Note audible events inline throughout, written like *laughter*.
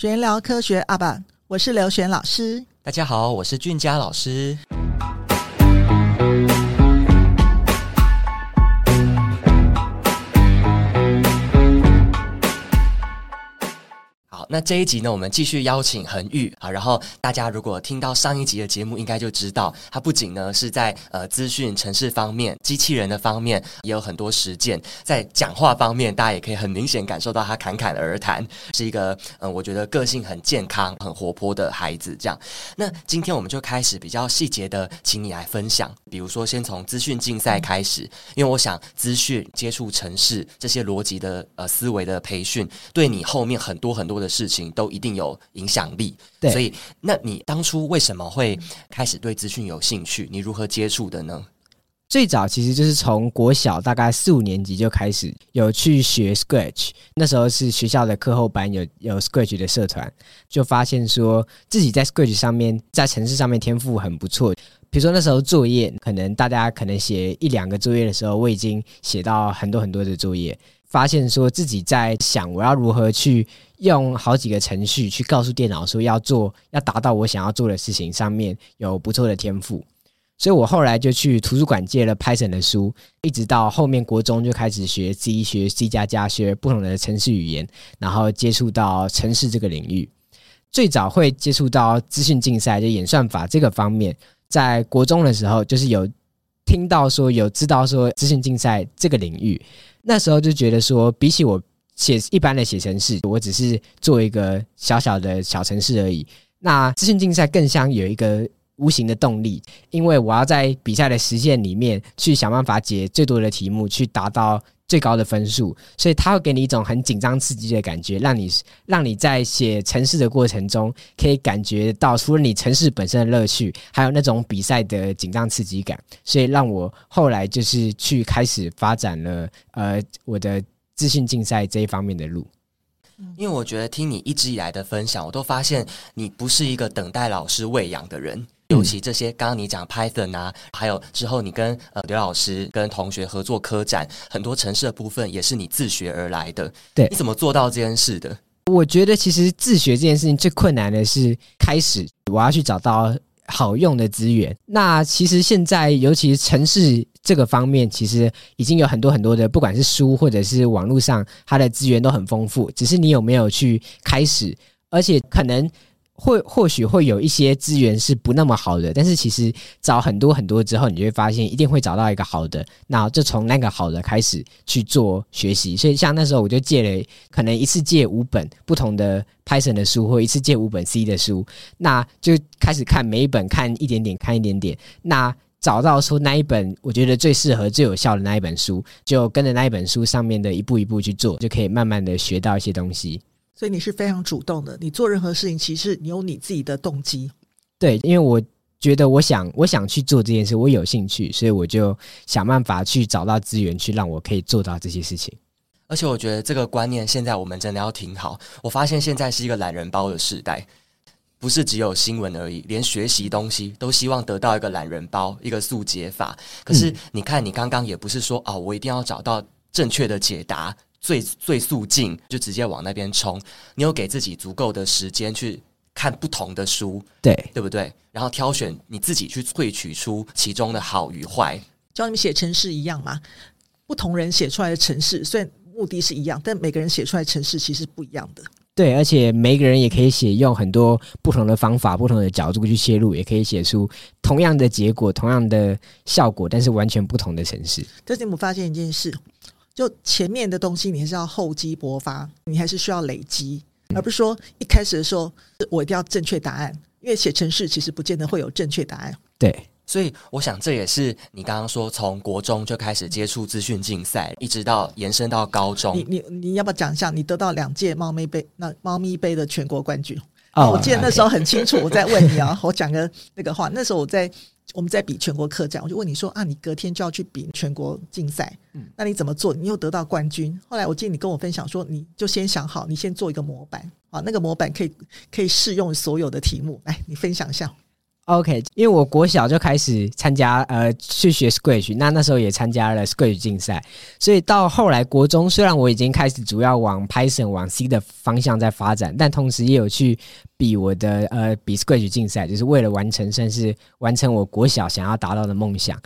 玄聊科學阿版，啊，我是劉璇老師。大家好，我是俊佳老師。那這一集呢，我們繼續邀請珩育啊。然後大家如果聽到上一集的節目，應該就知道他不僅呢是在呃資訊、程式方面、機器人的方面也有很多實踐。在講話方面，大家也可以很明顯感受到他侃侃而談，是一個嗯、呃，我覺得個性很健康、很活潑的孩子。這樣。那今天我們就開始比較細節的，請你來分享。比如說，先從資訊競賽開始，因為我想資訊、接觸程式這些邏輯的呃思維的培訓，對你後面很多很多的。事情都一定有影響力，對所以，那你當初為什麼會開始對資訊有興趣？你如何接觸的呢？最早其實就是從國小大概四五年級就開始有去學 Scratch，那時候是學校的課後班有有 Scratch 的社團，就發現說自己在 Scratch 上面、在程式上面天賦很不錯。比如說那時候作業，可能大家可能寫一兩個作業的時候，我已經寫到很多很多的作業。發現說自己在想，我要如何去用好幾個程序去告訴電腦說要做，要達到我想要做的事情上面有不錯的天賦，所以我後來就去圖書館借了 Python 的書，一直到後面國中就開始學 C，學 C 加加，學不同的程式語言，然後接觸到程式這個領域。最早會接觸到資訊競賽，就演算法這個方面，在國中的時候就是有。聽到說有知道說資訊競賽這個領域，那時候就覺得說，比起我寫一般的寫程式，我只是做一個小小的小程式而已。那資訊競賽更像有一個。無形的動力，因為我要在比賽的時限裡面去想辦法解最多的題目，去達到最高的分數，所以它會給你一種很緊張刺激的感覺，讓你讓你在寫程式的過程中，可以感覺到除了你程式本身的樂趣，還有那種比賽的緊張刺激感。所以讓我後來就是去開始發展了呃我的資訊競賽這一方面的路。因為我覺得聽你一直以來的分享，我都發現你不是一個等待老師餵養的人。嗯、尤其這些，剛剛你講 Python 啊，還有之後你跟呃劉老師、跟同學合作科展，很多程式的部分也是你自學而來的。對，你怎麼做到這件事的？我覺得其實自學這件事情最困難的是開始，我要去找到好用的資源。那其實現在，尤其是程式這個方面，其實已經有很多很多的，不管是書或者是網絡上，它的資源都很豐富。只是你有沒有去開始？而且可能。或或許會有一些資源是不那麼好的，但是其實找很多很多之後，你就會發現一定會找到一個好的，那就從那個好的開始去做學習。所以像那時候我就借了，可能一次借五本不同的 Python 的書，或一次借五本 C 的書，那就開始看每一本，看一點點，看一點點，那找到說那一本我覺得最適合、最有效的那一本書，就跟着那一本書上面的一步一步去做，就可以慢慢的學到一些東西。所以你是非常主動的。你做任何事情，其實你有你自己的動機。對，因為我覺得我想我想去做這件事，我有興趣，所以我就想辦法去找到資源，去讓我可以做到這些事情。而且我覺得這個觀念現在我們真的要挺好。我發現現在是一個懶人包的時代，不是只有新聞而已，連學習東西都希望得到一個懶人包，一個速解法。可是你看，你剛剛也不是說啊，我一定要找到正確的解答。最最速進，就直接往那邊衝。你有給自己足夠的時間去看不同的書，對對不對？然後挑選你自己去萃取出其中的好與壞，教你們寫程式一樣嗎？不同人寫出來的程式，雖然目的是一樣，但每個人寫出來程式其實不一樣的。對，而且每一個人也可以寫，用很多不同的方法、不同的角度去切入，也可以寫出同樣的結果、同樣的效果，但是完全不同的程式。可是你們發現一件事。就前面的東西，你還是要厚積薄發，你還是需要累積，而不是說一開始的時候我一定要正確答案，因為寫程式其實不見得會有正確答案。對，所以我想這也是你剛剛說從國中就開始接觸資訊競賽，一直到延伸到高中。你你你要不要講一下你得到兩屆貓咪盃？那貓咪盃的全國冠軍，oh, okay. 我記得那時候很清楚。我在問你啊， *laughs* 我講個那個話，那時候我在。我們在比全國科展，我就問你說啊，你隔天就要去比全國競賽，嗯，那你怎麼做？你又得到冠軍。後來我記得你跟我分享說，你就先想好，你先做一個模板啊，那個模板可以可以適用所有的題目。來，你分享一下。OK，因為我國小就開始參加，呃，去學 Scratch，那那時候也參加了 Scratch 競賽，所以到後來國中，雖然我已經開始主要往 Python 往 C 的方向在發展，但同時也有去比我的呃比 Scratch 競賽，就是為了完成，算是完成我國小想要達到的夢想。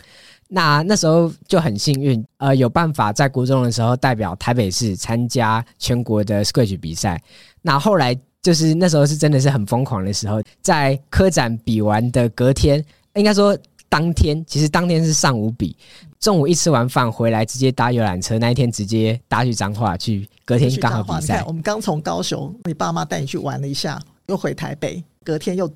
那那時候就很幸運，呃，有辦法在國中的時候代表台北市參加全國的 Scratch 比賽。那後來。就是那時候是真的是很瘋狂的時候，在科展比完的隔天，應該說當天，其實當天是上午比，中午一吃完飯回來，直接搭遊覽車，那一天直接搭去彰化，去隔天去剛好比賽。我們剛從高雄，你爸媽帶你去玩了一下，又回台北，隔天又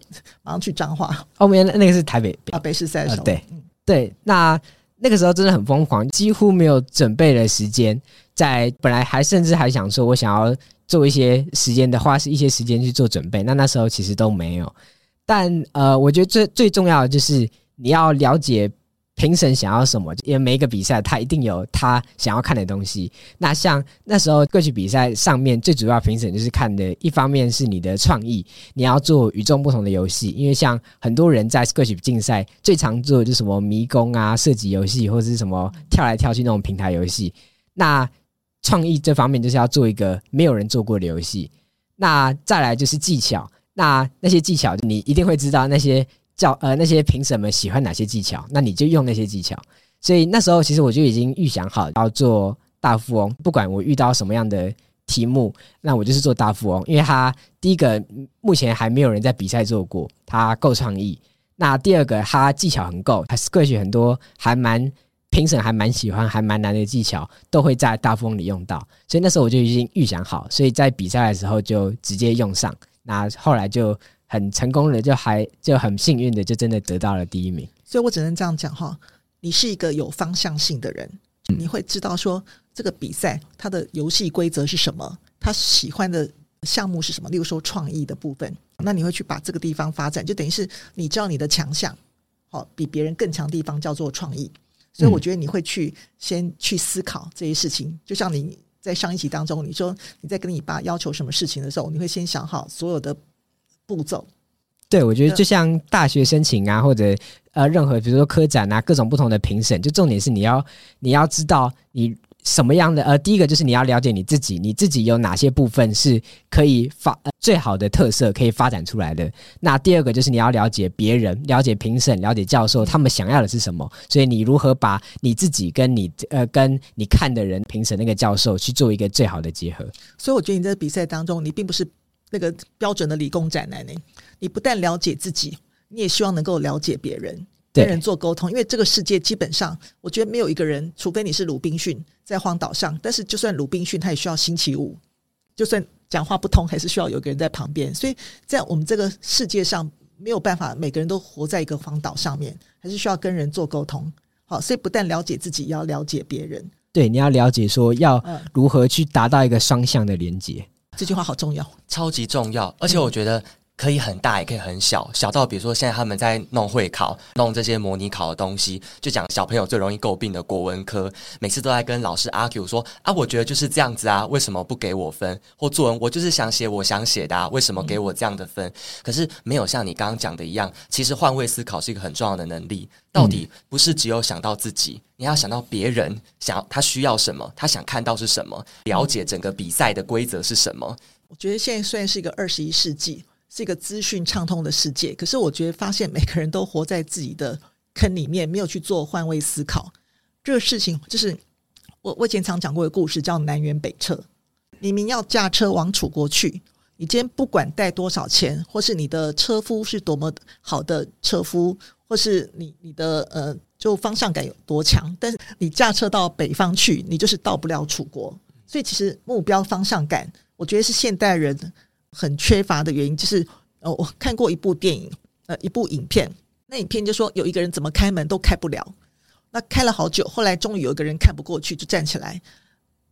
馬上去彰化。哦，後面那個是台北，啊北市賽是吧？哦？對、嗯、對，那那個時候真的很瘋狂，幾乎沒有準備的時間。在本來還甚至還想說，我想要做一些時間的花，一些時間去做準備。那那時候其實都沒有，但呃，我覺得最最重要的就是你要了解評審想要什麼，因為每一個比賽他一定有他想要看的東西。那像那時候歌曲比賽上面最主要評審就是看的，一方面是你的創意，你要做與眾不同的遊戲。因為像很多人在歌曲競賽最常做的就是什麼迷宮啊、射擊遊戲或者是什麼跳來跳去那種平台遊戲，那。創意這方面就是要做一個沒有人做過的遊戲，那再來就是技巧。那那些技巧，你一定會知道那些叫呃那些評審們喜歡哪些技巧，那你就用那些技巧。所以那時候其實我就已經預想好要做大富翁，不管我遇到什麼樣的題目，那我就是做大富翁，因為它第一個目前還沒有人在比賽做過，它夠創意。那第二個，它技巧很夠，它是可以選很多，還蠻。評審還蠻喜歡，還蠻難的技巧都會在大風裡用到，所以那時候我就已經預想好，所以在比賽的時候就直接用上，那後來就很成功的，就還就很幸運的就真的得到了第一名。所以我只能這樣講哈，你是一個有方向性的人，你會知道說這個比賽它的遊戲規則是什麼，他喜歡的項目是什麼，例如說創意的部分，那你會去把這個地方發展，就等於是你知道你的強項，好比別人更強的地方叫做創意。所以我覺得你會去、嗯、先去思考這些事情，就像你在上一集當中，你說你在跟你爸要求什麼事情的時候，你會先想好所有的步驟。對，我覺得就像大學申請啊，或者呃，任何比如說科展啊，各種不同的評審，就重點是你要你要知道你。什麼樣的？呃，第一個就是你要了解你自己，你自己有哪些部分是可以發、呃、最好的特色可以發展出來的。那第二個就是你要了解別人，了解評審，了解教授，他們想要的是什麼。所以你如何把你自己跟你呃跟你看的人、評審那個教授去做一個最好的結合？所以我覺得你在這個比賽當中，你並不是那個標準的理工宅男耶。你不但了解自己，你也希望能夠了解別人。對跟人做溝通，因為這個世界基本上，我覺得沒有一個人，除非你是魯濱遜在荒島上。但是，就算魯濱遜，他也需要星期五。就算講話不通，還是需要有個人在旁邊。所以在我們這個世界上，沒有辦法每個人都活在一個荒島上面，還是需要跟人做溝通。好，所以不但了解自己，也要了解別人。對，你要了解說要如何去達到一個雙向的連接、嗯。這句話好重要，超級重要。而且我覺得、嗯。可以很大，也可以很小，小到比如說現在他們在弄會考，弄這些模擬考的東西，就講小朋友最容易詬病的國文科，每次都在跟老師 argue 說啊，我覺得就是這樣子啊，為什麼不給我分？或作文我就是想寫我想寫的，啊，為什麼給我這樣的分？嗯，可是沒有像你剛剛講的一樣，其實換位思考是一個很重要的能力，到底不是只有想到自己，你要想到別人，想要，他需要什麼，他想看到是什麼，了解整個比賽的規則是什麼。我覺得現在雖然是一個二十一世紀。是一個資訊暢通的世界，可是我覺得發現每個人都活在自己的坑裡面，沒有去做換位思考這個事情。就是我我以前常講過一個故事，叫南轅北轍。你們要駕車往楚國去，你今天不管帶多少錢，或是你的車夫是多麼好的車夫，或是你你的呃就方向感有多強，但是你駕車到北方去，你就是到不了楚國。所以其實目標方向感，我覺得是現代人，很缺乏的原因就是，呃、哦，我看過一部電影，呃，一部影片。那影片就說有一個人怎麼開門都開不了，那開了好久，後來終於有一個人看不過去就站起來，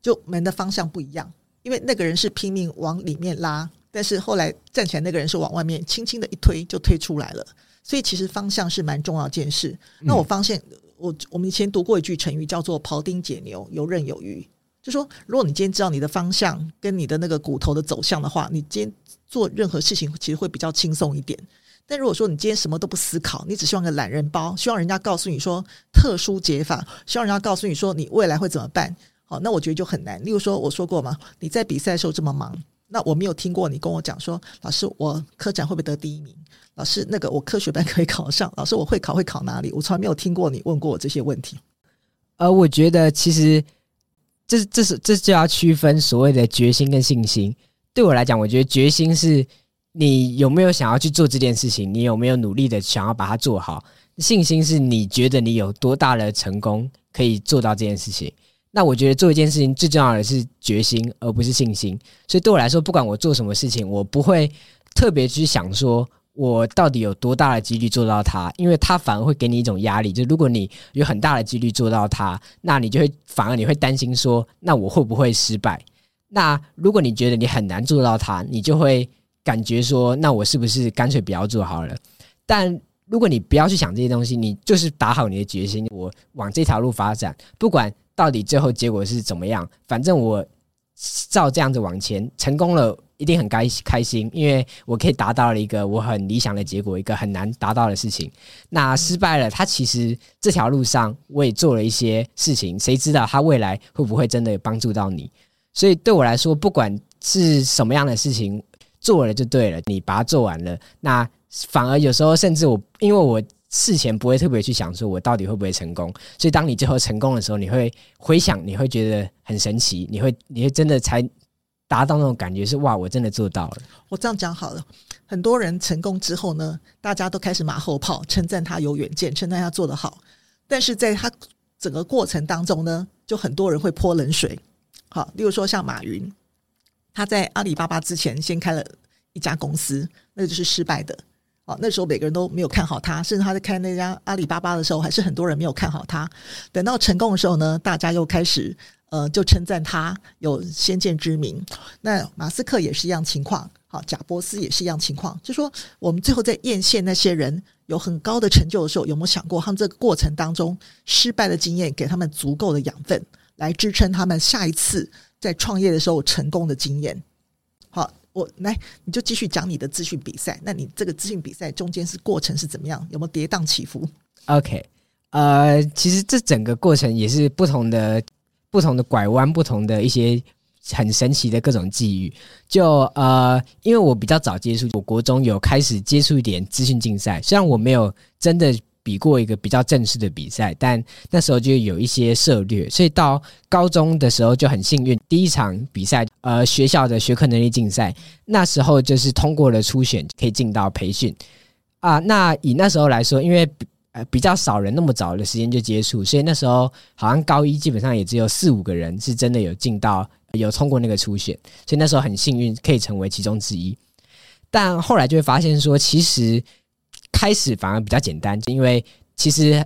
就門的方向不一樣，因為那個人是拼命往裡面拉，但是後來站起來那個人是往外面輕輕的一推就推出來了。所以其實方向是蠻重要的一件事。嗯、那我發現，我我們以前讀過一句成語叫做“庖丁解牛”，游刃有餘。就是說，如果你今天知道你的方向跟你的那個骨頭的走向的話，你今天做任何事情其實會比較輕鬆一點。但如果說你今天什麼都不思考，你只希望個懶人包，希望人家告訴你說特殊解法，希望人家告訴你說你未來會怎麼辦？好、哦，那我覺得就很難。例如說，我說過嘛，你在比賽的時候這麼忙，那我沒有聽過你跟我講說，老師，我科展會不會得第一名？老師，那個我科學班可以考上？老師，我會考會考哪裡？我從來沒有聽過你問過我這些問題。而、呃、我覺得，其實。這，這是，這就要區分所謂的決心跟信心。對我來講，我覺得決心是你有沒有想要去做這件事情，你有沒有努力的想要把它做好。信心是你覺得你有多大的成功可以做到這件事情。那我覺得做一件事情最重要的是決心，而不是信心。所以對我來說，不管我做什麼事情，我不會特別去想說。我到底有多大的幾率做到它？因為它反而會給你一種壓力，就是如果你有很大的幾率做到它，那你就會反而你會擔心說，那我會不會失敗？那如果你覺得你很難做到它，你就會感覺說，那我是不是乾脆不要做好了？但如果你不要去想這些東西，你就是打好你的決心，我往這條路發展，不管到底最後結果是怎麼樣，反正我。照這樣子往前，成功了一定很開開心，因為我可以達到了一個我很理想的結果，一個很難達到的事情。那失敗了，他其實這條路上我也做了一些事情，誰知道他未來會不會真的幫助到你？所以對我來說，不管是什麼樣的事情，做了就對了，你把它做完了。那反而有時候甚至我，因為我。事前不會特別去想，說我到底會不會成功？所以當你最後成功的時候，你會回想，你會覺得很神奇，你會，你會真的才達到那種感覺是，是哇，我真的做到了。我這樣講好了，很多人成功之後呢，大家都開始馬後炮，稱讚他有遠見，稱讚他做得好，但是在他整個過程當中呢，就很多人會潑冷水。好，例如說像馬雲，他在阿里巴巴之前先開了一家公司，那就是失敗的。啊，那時候每個人都沒有看好他，甚至他在開那家阿里巴巴的時候，還是很多人沒有看好他。等到成功的時候呢，大家又開始呃，就稱讚他有先見之明。那馬斯克也是一樣情況，好，賈伯斯也是一樣情況。就說我們最後在豔羨那些人有很高的成就的時候，有沒有想過他們這個過程當中失敗的經驗，給他們足夠的養分，來支撐他們下一次在創業的時候成功的經驗？好。我來，你就繼續講你的資訊比賽。那你這個資訊比賽中間是過程是怎麼樣？有沒有跌宕起伏？OK，呃，其實這整個過程也是不同的、不同的拐彎、不同的一些很神奇的各種際遇。就呃，因為我比較早接觸，我國中有開始接觸一點資訊競賽，雖然我沒有真的。比過一個比較正式的比賽，但那時候就有一些涉獵，所以到高中的時候就很幸運。第一場比賽，呃，學校的學科能力競賽，那時候就是通過了初選，可以進到培訓啊、呃。那以那時候來說，因為比呃比較少人，那麼早的時間就接觸，所以那時候好像高一基本上也只有四五個人是真的有進到、呃、有通過那個初選，所以那時候很幸運可以成為其中之一。但後來就會發現說，其實。開始反而比較簡單，因為其實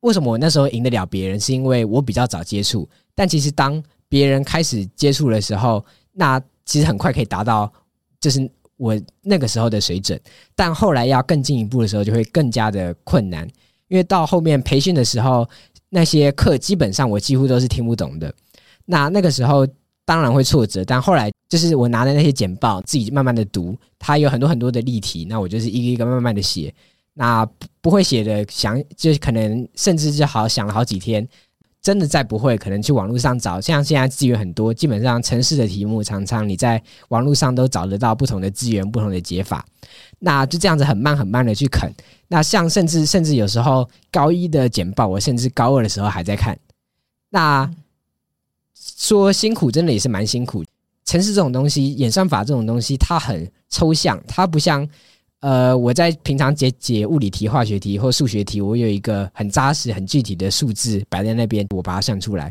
為什麼我那時候贏得了別人，是因為我比較早接觸。但其實當別人開始接觸的時候，那其實很快可以達到，就是我那個時候的水準。但後來要更進一步的時候，就會更加的困難，因為到後面培訓的時候，那些課基本上我幾乎都是聽不懂的。那那個時候當然會挫折，但後來就是我拿的那些簡報，自己慢慢的讀，它有很多很多的例題，那我就是一個一個慢慢的寫。那不會寫的想，就可能甚至就好想了好幾天，真的再不會，可能去網絡上找，像現在資源很多，基本上程式的題目常常你在網絡上都找得到不同的資源、不同的解法。那就這樣子很慢很慢的去啃。那像甚至甚至有時候高一的簡報，我甚至高二的時候還在看。那說辛苦，真的也是蠻辛苦。程式這種東西，演算法這種東西，它很抽象，它不像。呃，我在平常解解物理題、化學題或數學題，我有一個很扎實、很具體的數字擺在那邊，我把它算出來。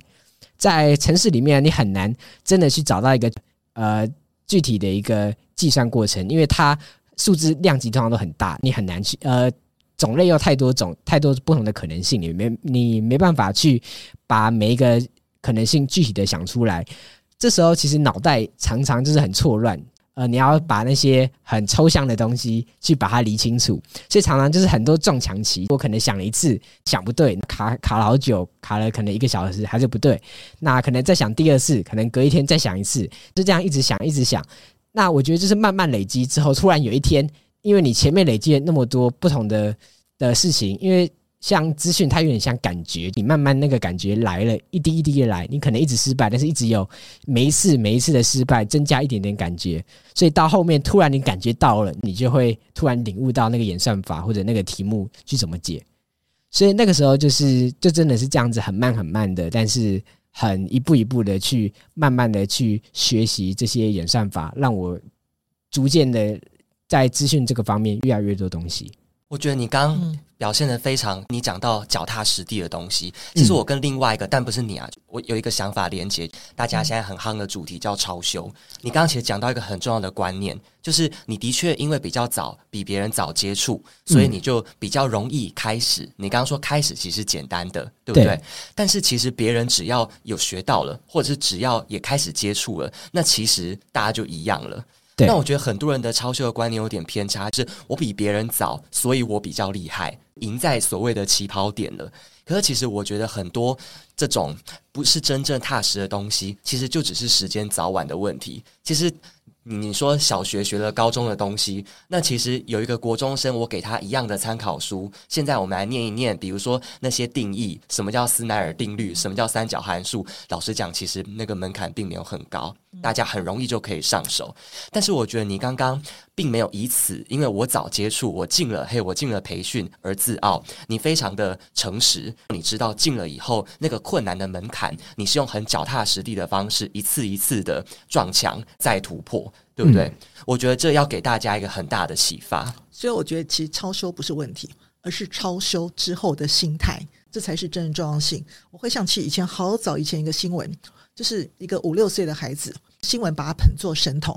在程式裡面，你很難真的去找到一個呃具體的一個計算過程，因為它數字量級通常都很大，你很難去呃種類有太多種、太多不同的可能性，你沒你沒辦法去把每一個可能性具體的想出來。這時候其實腦袋常常就是很錯亂。呃，你要把那些很抽象的東西去把它理清楚，所以常常就是很多撞牆期。我可能想了一次想不對，卡卡了好久，卡了可能一個小時還是不對，那可能再想第二次，可能隔一天再想一次，就這樣一直想一直想，那我覺得就是慢慢累積之後，突然有一天，因為你前面累積了那麼多不同的的事情，因為。像資訊，它有點像感覺，你慢慢那個感覺來了，一滴一滴的來，你可能一直失敗，但是一直有每一次每一次的失敗增加一點點感覺，所以到後面突然你感覺到了，你就會突然領悟到那個演算法或者那個題目去怎麼解，所以那個時候就是，就真的是這樣子很慢很慢的，但是很一步一步的去慢慢的去學習這些演算法，讓我逐漸的在資訊這個方面越來越多東西。我覺得你剛、嗯。表現得非常，你講到腳踏實地的東西。其實我跟另外一個，嗯、但不是你啊，我有一個想法連接大家現在很夯的主題，叫超修。你剛剛其實講到一個很重要的觀念，就是你的確因為比較早，比別人早接觸，所以你就比較容易開始。嗯、你剛剛說開始其實簡單的，對不對？對。但是其實別人只要有學到了，或者是只要也開始接觸了，那其實大家就一樣了。對那我覺得很多人的超修的觀念有點偏差，是我比別人早，所以我比較厲害，贏在所謂的起跑點了。可是其實我覺得很多這種不是真正踏實的東西，其實就只是時間早晚的問題。其實。你你說小學學了高中的東西，那其實有一個國中生，我給他一樣的參考書。現在我們來念一念，比如說那些定義，什麼叫斯奈爾定律，什麼叫三角函數。老實講，其實那個門檻並沒有很高，大家很容易就可以上手。但是我覺得你剛剛。並沒有以此，因為我早接觸，我進了嘿，我進了培訓而自傲。你非常的誠實，你知道進了以後那個困難的門檻，你是用很腳踏實地的方式，一次一次的撞牆再突破，對不對？嗯、我覺得這要給大家一個很大的啟發。所以我覺得其實超修不是問題，而是超修之後的心態，這才是真正重要性。我會想起以前好早以前一個新聞，就是一個五六歲的孩子，新聞把他捧作神童。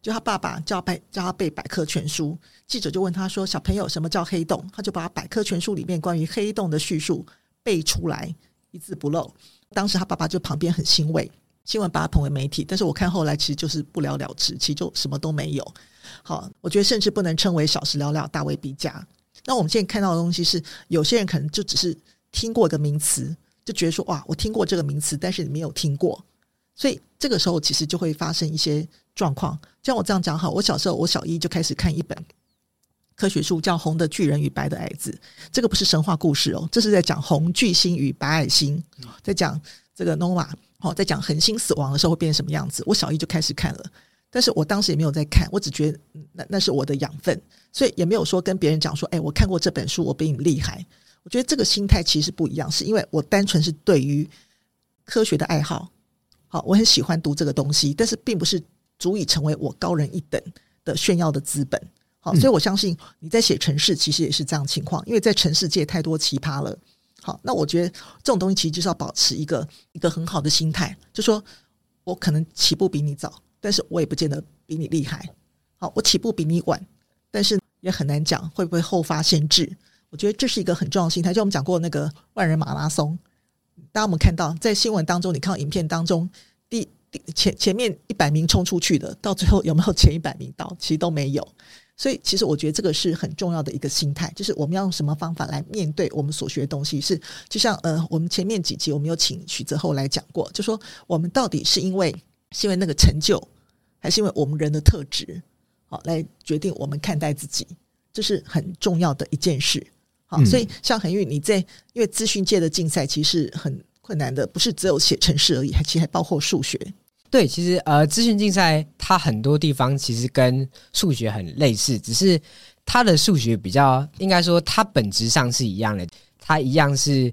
就他爸爸叫他背，叫他背《百科全書》。記者就問他說：“小朋友，什麼叫黑洞？”他就把《百科全書》裡面關於黑洞的敘述背出來，一字不漏。當時他爸爸就旁邊很欣慰，新聞把他捧為媒體。但是我看後來其實就是不了了之，其實就什麼都沒有。好，我覺得甚至不能稱為小時了了，大未必佳。那我們現在看到的東西是，有些人可能就只是聽過一個名詞，就覺得說：“哇，我聽過這個名詞，但是你沒有聽過。”所以這個時候其實就會發生一些狀況，像我這樣講，好，我小時候我小一就開始看一本科學書，叫《紅的巨人與白的矮子》，這個不是神話故事哦，這是在講紅巨星與白矮星，在講這個 nova，好，哦，在講恆星死亡的時候會變成什麼樣子。我小一就開始看了，但是我當時也沒有在看，我只覺得那那是我的養分，所以也沒有說跟別人講說，哎、欸，我看過這本書，我比你們厲害。我覺得這個心態其實不一樣，是因為我單純是對於科學的愛好。好，我很喜歡讀這個東西，但是並不是足以成為我高人一等的炫耀的資本。好，所以我相信你在寫程式其實也是這樣的情況，因為在程式界太多奇葩了。好，那我覺得這種東西其實就是要保持一個一個很好的心態，就說我可能起步比你早，但是我也不見得比你厲害。好，我起步比你晚，但是也很難講會不會後發先至。我覺得這是一個很重要的心態，就我們講過那個萬人馬拉松。當我們看到，在新聞當中，你看到影片當中第第前前面一百名衝出去的，到最後有沒有前一百名到？其實都沒有。所以，其實我覺得這個是很重要的一個心態，就是我們要用什麼方法來面對我們所學的東西。是就像呃，我們前面幾集我們有請許澤厚來講過，就說我們到底是因為是因為那個成就，還是因為我們人的特質，好來決定我們看待自己，這是很重要的一件事。好，嗯、所以，像珩育，你在，因為資訊界的競賽其實很困難的，不是只有寫程式而已，還其實還包括數學。對，其實呃，資訊競賽它很多地方其實跟數學很類似，只是它的數學比較應該說，它本質上是一樣的，它一樣是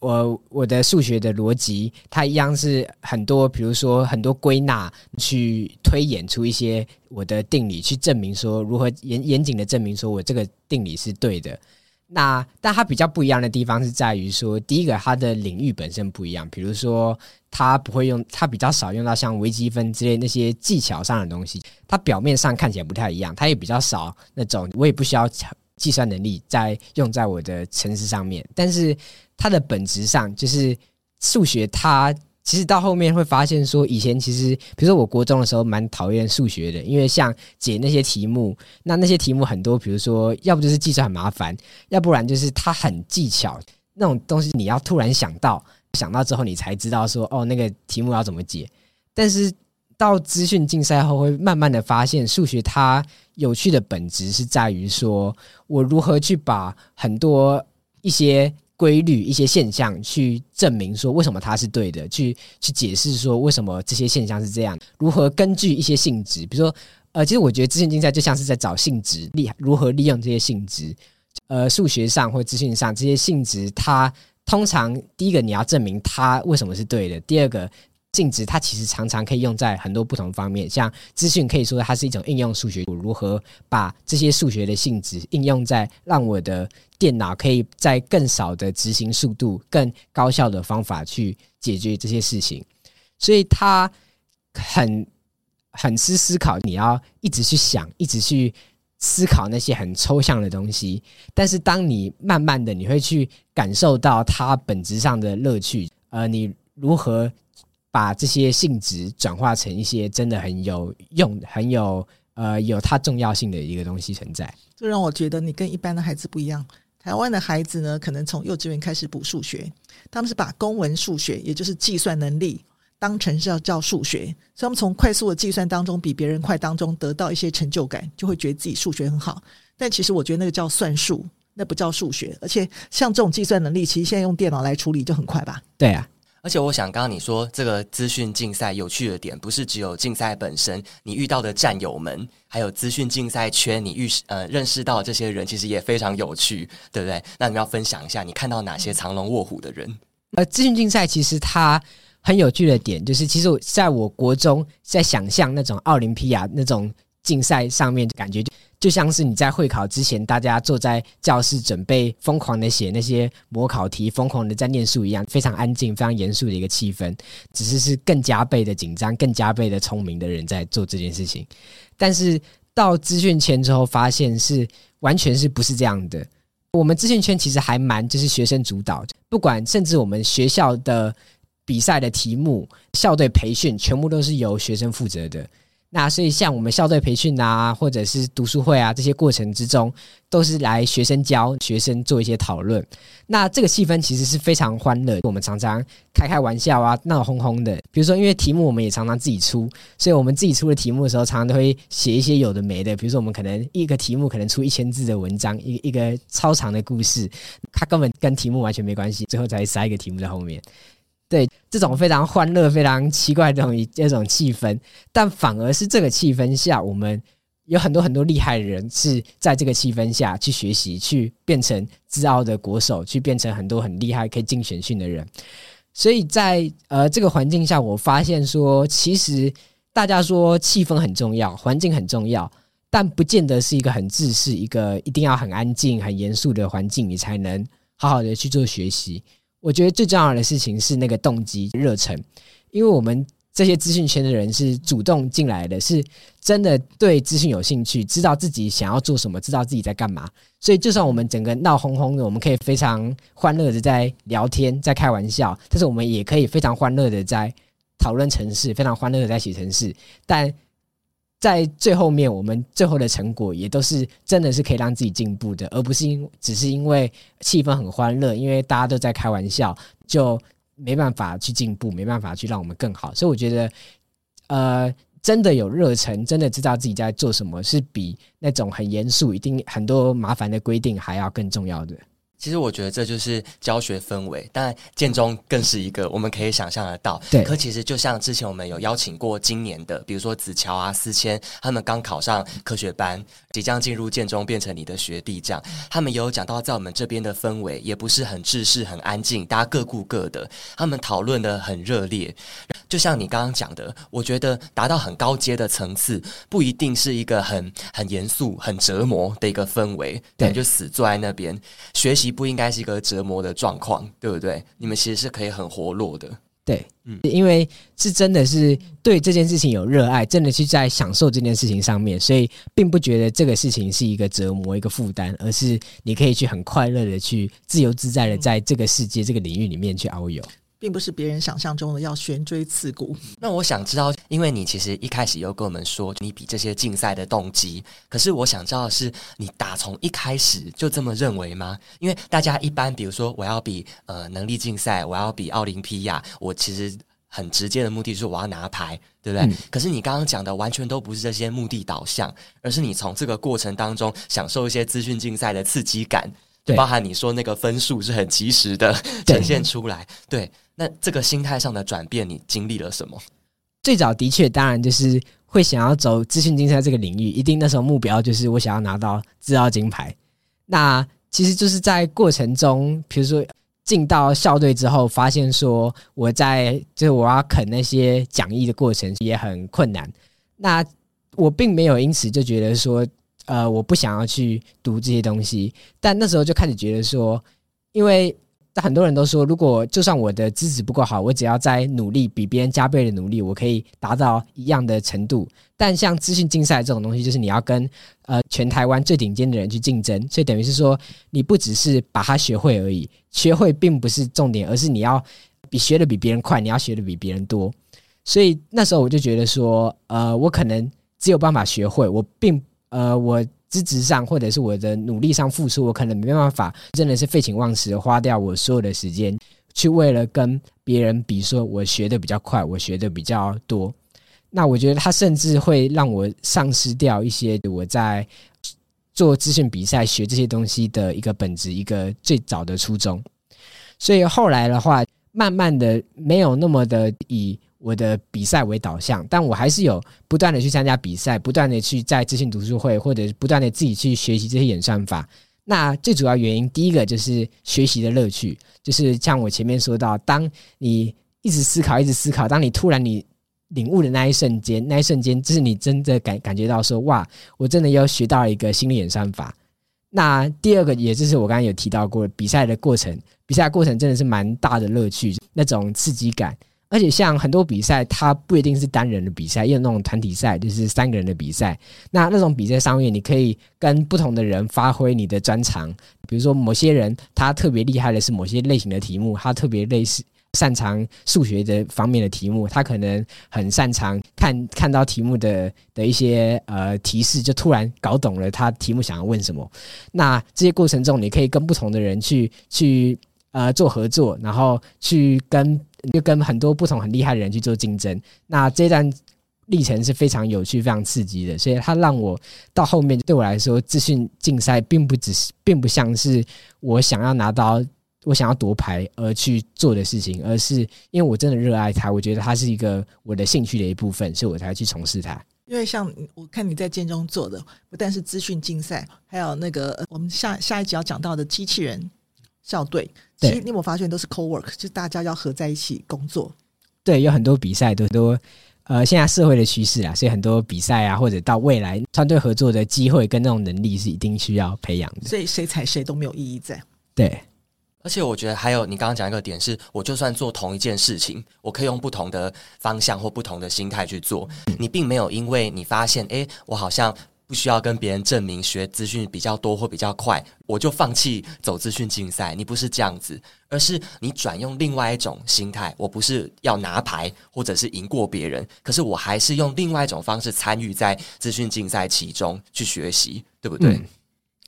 我我的數學的邏輯，它一樣是很多比如說很多歸納去推演出一些我的定理，去證明說如何嚴嚴謹的證明說我這個定理是對的。那，但它比較不一樣的地方是在於說，第一個它的領域本身不一樣，比如說它不會用，它比較少用到像微積分之類那些技巧上的東西。它表面上看起來不太一樣，它也比較少那種，我也不需要計算能力在用在我的程式上面。但是它的本質上就是數學，它。其實到後面會發現說，以前其實，比如說，我國中的時候蠻討厭數學的，因為像解那些題目，那那些題目很多，比如說，要不就是計算很麻煩，要不然就是它很技巧，那種東西你要突然想到，想到之後你才知道說，哦，那個題目要怎麼解。但是到資訊競賽後，會慢慢的發現，數學它有趣的本質是在於說我如何去把很多一些。規律一些現象去證明說為什麼它是對的，去去解釋說為什麼這些現象是這樣。如何根據一些性質，比如說，呃，其實我覺得資訊競賽就像是在找性質利，如何利用這些性質。呃，數學上或資訊上這些性質，它通常第一個你要證明它為什麼是對的，第二個性質它其實常常可以用在很多不同方面。像資訊可以說它是一種應用數學，我如何把這些數學的性質應用在讓我的。電腦可以在更少的執行速度，更高效的方法去解決這些事情，所以他很很吃思、思考。你要一直去想，一直去思考那些很抽象的東西。但是，當你慢慢的，你會去感受到它本質上的樂趣。呃，你如何把這些性質轉化成一些真的很有用、很有呃有它重要性的一個東西存在。這讓我覺得你跟一般的孩子不一樣。台灣的孩子呢，可能從幼稚園開始補數學，他們是把公文數學，也就是計算能力當成是要叫數學，所以他們從快速的計算當中，比別人快當中得到一些成就感，就會覺得自己數學很好。但其實我覺得那個叫算術，那不叫數學，而且像這種計算能力，其實現在用電腦來處理就很快吧？對啊。而且我想，剛剛你說這個資訊競賽有趣的點，不是只有競賽本身，你遇到的戰友們，還有資訊競賽圈你遇呃認識到這些人，其實也非常有趣，對不對？那你們要分享一下，你看到哪些藏龍臥虎的人？呃，資訊競賽其實它很有趣的點，就是其實在我國中在想象那種奧林匹亞那種競賽上面，感覺就。就像是你在會考之前，大家坐在教室準備瘋狂的寫那些模考題，瘋狂的在念書一樣，非常安靜、非常嚴肅的一個氣氛。只是是更加倍的緊張、更加倍的聰明的人在做這件事情。但是到資訊圈之後，發現是完全是不是這樣的。我們資訊圈其實還蠻就是學生主導，不管甚至我們學校的比賽的題目、校隊培訓，全部都是由學生負責的。那所以，像我們校隊培訓啊，或者是讀書會啊，這些過程之中，都是來學生教學生做一些討論。那這個氣氛，其實是非常歡樂，我們常常開開玩笑啊，鬧哄哄的。比如說，因為題目我們也常常自己出，所以我們自己出的題目的時候，常常都會寫一些有的沒的。比如說，我們可能一個題目可能出一千字的文章，一個一個超長的故事，它根本跟題目完全沒關係，最後才塞一個題目在後面。對，這種非常歡樂、非常奇怪的這種氣氛，但反而是這個氣氛下，我們有很多很多厲害的人，是在這個氣氛下去學習，去變成自傲的國手，去變成很多很厲害可以競選訓的人。所以在呃這個環境下，我發現說，其實大家說氣氛很重要，環境很重要，但不見得是一個很正式、一個一定要很安靜、很嚴肅的環境，你才能好好的去做學習。我覺得最重要的事情是那個動機熱忱，因為我們這些資訊圈的人是主動進來的，是真的對資訊有興趣，知道自己想要做什麼，知道自己在幹嘛。所以，就算我們整個鬧哄哄的，我們可以非常歡樂的在聊天，在開玩笑，但是我們也可以非常歡樂的在討論程式，非常歡樂的在寫程式，但。在最後面，我們最後的成果也都是真的是可以讓自己進步的，而不是因只是因為氣氛很歡樂，因為大家都在開玩笑，就沒辦法去進步，沒辦法去讓我們更好。所以我覺得，呃，真的有熱忱，真的知道自己在做什麼，是比那種很嚴肅、一定很多麻煩的規定還要更重要的。其實我覺得這就是教學氛圍，但建中更是一個我們可以想象得到。對，可其實就像之前我們有邀請過今年的，比如說子喬啊、思謙，他們剛考上科學班，即將進入建中變成你的學弟，這樣。他們也有講到，在我們這邊的氛圍也不是很制式、很安靜，大家各顧各的，他們討論的很熱烈。就像你剛剛講的，我覺得達到很高階的層次，不一定是一個很很嚴肅、很折磨的一個氛圍，對，就死坐在那邊學習。不應該是一個折磨的狀況，對不對？你們其實是可以很活絡的，對，嗯，因為是真的是對這件事情有熱愛，真的是在享受這件事情上面，所以並不覺得這個事情是一個折磨、一個負擔，而是你可以去很快樂的去自由自在的在這個世界、嗯、這個領域裡面去遨遊。並不是別人想象中的要懸梁刺股。那我想知道，因為你其實一開始又跟我們說你比這些競賽的動機，可是我想知道的是，是你打從一開始就這麼認為嗎？因為大家一般，比如說我要比呃能力競賽，我要比奧林匹亞，我其實很直接的目的就是我要拿牌，對不對？嗯。可是你剛剛講的完全都不是這些目的導向，而是你從這個過程當中享受一些資訊競賽的刺激感，包含你說那個分數是很及時的對呈現出來，對。對那這個心態上的轉變，你經歷了什麼？最早的確，當然就是會想要走資訊競賽這個領域，一定那時候目標就是我想要拿到制造金牌。那其實就是在過程中，比如說進到校隊之後，發現說我在就是我要啃那些講義的過程也很困難。那我並沒有因此就覺得說，呃，我不想要去讀這些東西。但那時候就開始覺得說，因為。但，很多人都說，如果就算我的資質不夠好，我只要再努力，比別人加倍的努力，我可以達到一樣的程度。但像資訊競賽這種東西，就是你要跟呃全台灣最頂尖的人去競爭，所以等於是說，你不只是把它學會而已，學會並不是重點，而是你要比學得比別人快，你要學得比別人多。所以那時候我就覺得說，呃，我可能只有辦法學會，我並呃我。資質上，或者是我的努力上付出，我可能沒辦法，真的是廢寢忘食，花掉我所有的時間去為了跟別人比，說我學的比較快，我學的比較多。那我覺得他甚至會讓我喪失掉一些我在做資訊比賽、學這些東西的一個本質，一個最早的初衷。所以後來的話，慢慢的沒有那麼的以。我的比賽為導向，但我還是有不斷的去參加比賽，不斷的去在資訊讀書會，或者是不斷的自己去學習這些演算法。那最主要原因，第一個就是學習的樂趣，就是像我前面說到，當你一直思考，一直思考，當你突然你領悟的那一瞬間，那一瞬間，就是你真的感感覺到說，哇，我真的又學到了一個新的演算法。那第二個，也就是我剛剛有提到過，比賽的過程，比賽過程真的是蠻大的樂趣，那種刺激感。而且像很多比賽，它不一定是單人的比賽，也有那種團體賽，就是三個人的比賽。那那種比賽上面，你可以跟不同的人發揮你的專長。比如說，某些人他特別厲害的是某些類型的題目，他特別類似擅長數學的方面的題目，他可能很擅長看看到題目的的一些呃提示，就突然搞懂了他題目想要問什麼。那這些過程中，你可以跟不同的人去去呃做合作，然後去跟。就跟很多不同很厲害的人去做競爭，那這段歷程是非常有趣、非常刺激的。所以，他讓我到後面，對我來說，資訊競賽並不只是，並不像是我想要拿到、我想要奪牌而去做的事情，而是因為我真的熱愛它，我覺得它是一個我的興趣的一部分，所以我才去從事它。因為像我看你在建中做的，不但是資訊競賽，還有那個我們下下一集要講到的機器人。校隊其實你有沒有發現都是 co-work，對就大家要合在一起工作。對，有很多比賽，很多呃，現在社會的趨勢啊，所以很多比賽啊，或者到未來團隊合作的機會跟那種能力是一定需要培養的。所以誰踩誰都沒有意義在。對，而且我覺得還有你剛剛講一個點是，我就算做同一件事情，我可以用不同的方向或不同的心態去做。嗯、你並沒有因為你發現，哎、欸，我好像。不需要跟別人證明學資訊比較多或比較快，我就放棄走資訊競賽。你不是這樣子，而是你轉用另外一種心態。我不是要拿牌或者是贏過別人，可是我還是用另外一種方式參與在資訊競賽其中去學習，對不對？嗯，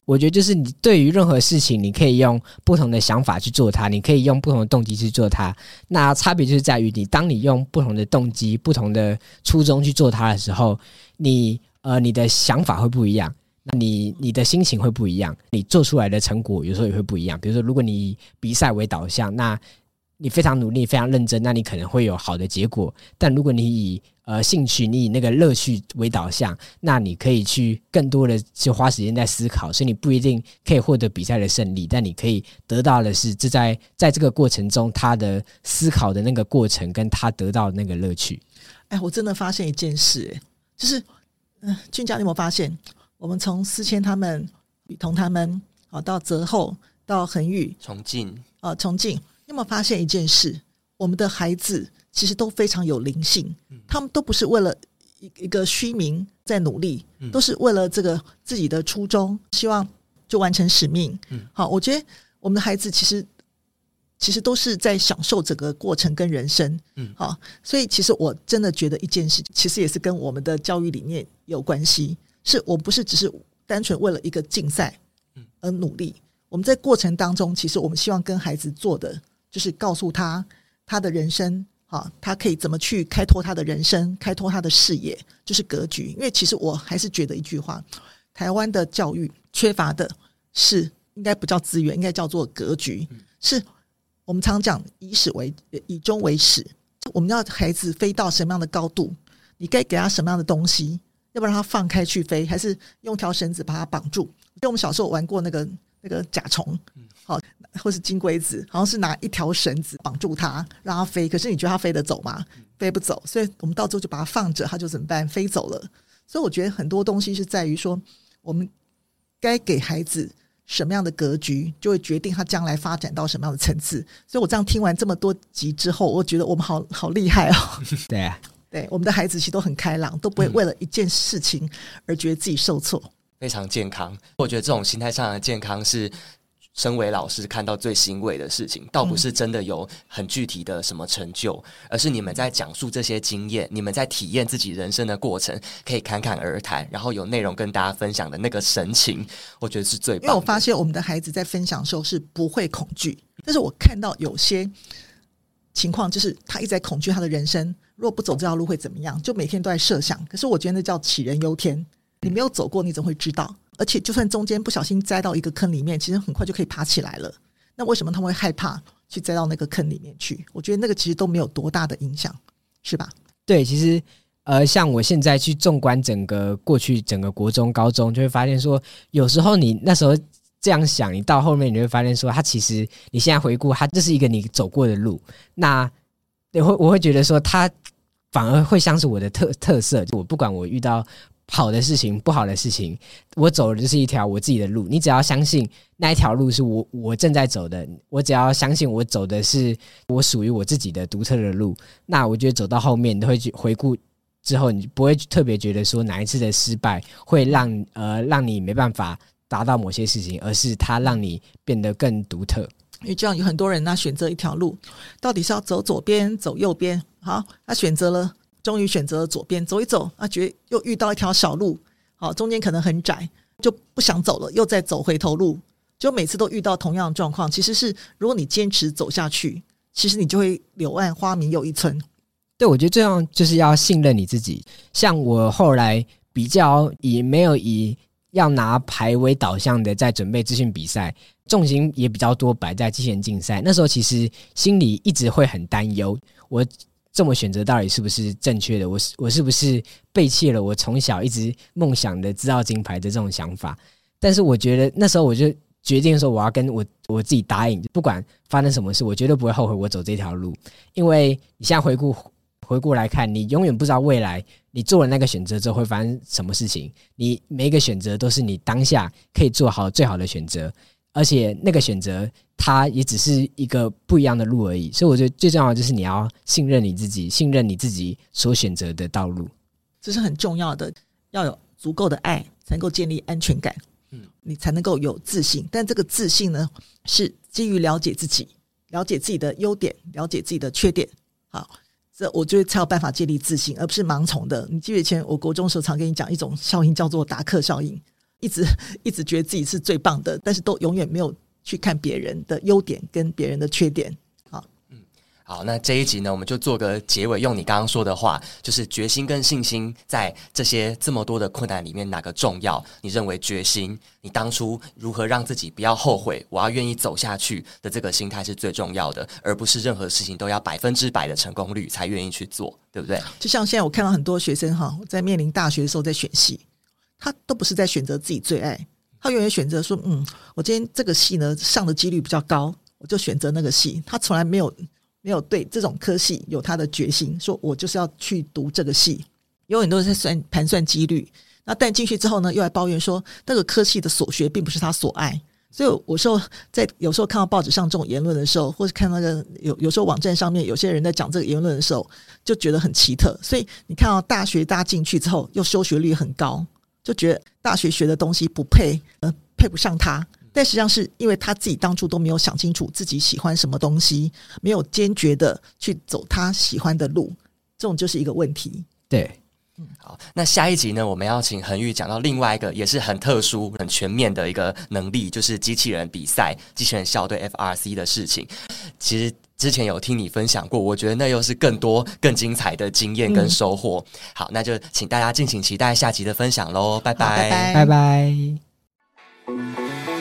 我覺得就是你對於任何事情，你可以用不同的想法去做它，你可以用不同的動機去做它。那差別就是在於你，當你用不同的動機、不同的初衷去做它的時候，你。呃，你的想法會不一樣，那你你的心情會不一樣，你做出來的成果有時候也會不一樣。比如說，如果你以比賽為導向，那你非常努力、非常認真，那你可能會有好的結果；但如果你以呃興趣、你以那個樂趣為導向，那你可以去更多的去花時間在思考，所以你不一定可以獲得比賽的勝利，但你可以得到的是，這在在這個過程中，他的思考的那個過程跟他得到那個樂趣。哎，我真的發現一件事，就是。嗯，俊佳，你有沒有發現？我們從思謙他們、雨桐他們，好到澤厚，到恆宇，崇進，哦，崇進，你有沒有發現一件事？我們的孩子其實都非常有靈性，嗯、他們都不是為了一一個虛名在努力，嗯、都是為了這個自己的初衷，希望就完成使命。嗯，好，我覺得我們的孩子其實。其實都是在享受整個過程跟人生，嗯，好、啊，所以其實我真的覺得一件事，其實也是跟我們的教育理念有關係。是我不是只是單純為了一個競賽，嗯，而努力。嗯、我們在過程當中，其實我們希望跟孩子做的就是告訴他，他的人生，哈、啊，他可以怎麼去開拓他的人生，開拓他的視野，就是格局。因為其實我還是覺得一句話，台灣的教育缺乏的是，應該不叫資源，應該叫做格局，嗯、是。我們常講以始為以終為始，我們要孩子飛到什麼樣的高度，你該給他什麼樣的東西，要不然他放開去飛，還是用條繩子把他綁住？因為我們小時候玩過那個那個甲蟲，好，或是金龜子，好像是拿一條繩子綁住他，讓他飛。可是你覺得他飛得走嗎？飛不走，所以我們到最後就把他放着，他就怎麼辦？飛走了。所以我覺得很多東西是在於說，我們該給孩子什麼樣的格局，就會決定他將來發展到什麼樣的層次。所以我這樣聽完這麼多集之後，我覺得我們好好厲害哦。對啊，對，我們的孩子其實都很開朗，都不會為了一件事情而覺得自己受挫，嗯，非常健康。我覺得這種心態上的健康是。身為老師，看到最欣慰的事情，倒不是真的有很具體的什麼成就，嗯、而是你們在講述這些經驗，你們在體驗自己人生的過程，可以侃侃而談，然後有內容跟大家分享的那個神情，我覺得是最棒。因為我發現我們的孩子在分享的時候是不會恐懼，但是我看到有些情況，就是他一直在恐懼他的人生，如果不走這條路會怎麼樣？就每天都在設想。可是我覺得那叫杞人憂天。你沒有走過，你怎麼會知道？而且，就算中間不小心栽到一個坑裡面，其實很快就可以爬起來了。那為什麼他們會害怕去栽到那個坑裡面去？我覺得那個其實都沒有多大的影響，是吧？對，其實，呃，像我現在去縱觀整個過去，整個國中、高中，就會發現說，有時候你那時候這樣想，你到後面你會發現說，他其實，你現在回顧，他這是一個你走過的路。那，我會，我會覺得說，他反而會像是我的特特色。就我不管我遇到。好的事情，不好的事情，我走的就是一條我自己的路。你只要相信那一條路是我我正在走的，我只要相信我走的是我屬於我自己的獨特的路，那我覺得走到後面你都會去回顧之後，你不會特別覺得說哪一次的失敗會讓呃讓你沒辦法達到某些事情，而是它讓你變得更獨特。因為這樣有很多人呢選擇一條路，到底是要走左邊走右邊？好，他選擇了。終於選擇了左邊走一走啊，覺得又遇到一條小路，好、啊，中間可能很窄，就不想走了，又再走回頭路，就每次都遇到同樣的狀況。其實是如果你堅持走下去，其實你就會柳暗花明又一村。對，我覺得這樣就是要信任你自己。像我後來比較以沒有以要拿牌為導向的，在準備資訊比賽，重心也比較多擺在之前競賽，那時候其實心裡一直會很擔憂我。這麼選擇到底是不是正確的？我是我是不是背棄了我從小一直夢想的資奧金牌的這種想法？但是我覺得那時候我就決定說，我要跟我我自己答應，就不管發生什麼事，我絕對不會後悔我走這條路。因為你現在回顧回過來看，你永遠不知道未來你做了那個選擇之後會發生什麼事情。你每一個選擇都是你當下可以做好最好的選擇。而且那個選擇，它也只是一個不一樣的路而已。所以我覺得最重要的就是你要信任你自己，信任你自己所選擇的道路，這是很重要的。要有足夠的愛，才能夠建立安全感。嗯，你才能夠有自信。但這個自信呢，是基於了解自己，了解自己的優點，了解自己的缺點。好，這我覺得才有辦法建立自信，而不是盲從的。你記得以前我國中時候常跟你講一種效應，叫做達克效應。一直一直覺得自己是最棒的，但是都永遠沒有去看別人的優點跟別人的缺點。好，嗯，好，那這一集呢，我們就做個結尾，用你剛剛說的話，就是決心跟信心，在這些這麼多的困難裡面，哪個重要？你認為決心？你當初如何讓自己不要後悔？我要願意走下去的這個心態是最重要的，而不是任何事情都要百分之百的成功率才願意去做，對不對？就像現在我看到很多學生哈，在面臨大學的時候在選系。他都不是在選擇自己最愛，他永遠選擇說：“嗯，我今天這個系呢上的幾率比較高，我就選擇那個系。”他從來沒有沒有對這種科系有他的決心，說我就是要去讀這個系。因為很多人在算盤算幾率，那但進去之後呢，又來抱怨說那個科系的所學並不是他所愛。所以我說，在有時候看到報紙上這種言論的時候，或者看那個有有時候網站上面有些人在講這個言論的時候，就覺得很奇特。所以你看到大學大家進去之後，又休學率很高。就覺得大學學的東西不配，呃，配不上他。但實際上是因為他自己當初都沒有想清楚自己喜歡什麼東西，沒有堅決地去走他喜歡的路，這種就是一個問題。對。好，那下一集呢，我們要請珩育講到另外一個也是很特殊、很全面的一個能力，就是機器人比賽、機器人校隊 FRC 的事情。其實之前有聽你分享過，我覺得那又是更多、更精彩的經驗跟收穫。嗯、好，那就請大家敬請期待下集的分享嘍！拜拜，拜拜。拜拜。